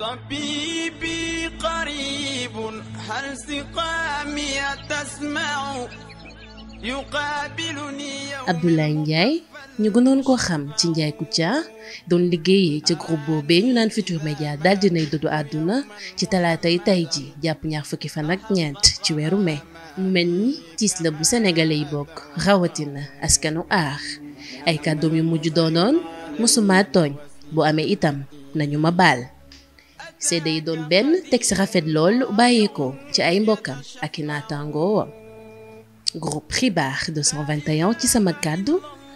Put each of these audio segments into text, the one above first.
طبيبي قريب هل سقامي تسمع Abdoulaye Ndiaye ñu gënoon ko xam ci Ndiaye Koutia doon liggéeyee ca groupe boobee ñu naan Futur Média daal dinay dudd àdduna ci talaata yi tay ji jàpp ñaar fukki fan ak ñeent ci weeru mai mu mel ni tiis la bu sénégalais yi bokk rawatina askanu aar ay kàddoom yu mujj doonoon mësuma tooñ bu amee itam nañu ma baal seede yi doon benn teg si rafet lool bàyyeekoo ci ay mbokkam ak i naataangoowam groupe Xibaar 221 ci sama kàddu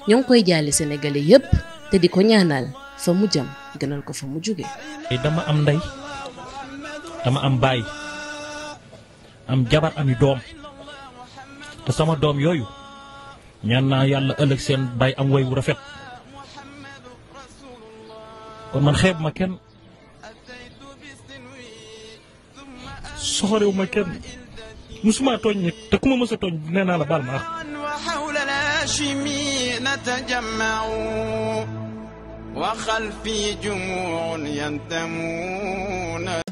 ñoo ngi koy jaale sénégalais yépp te di ko ñaanal fa mu jëm gënal ko fa mu jóge dama am ndey dama am baay am jabar ami doom te sama doom yooyu ñaan naa yàlla ëllëg seen baay am way wu rafet kon man xeeb ma kenn wu ma kenn musuma togn nit te kuma mësa togn neena la baal ma وخلفي جموع ينتمون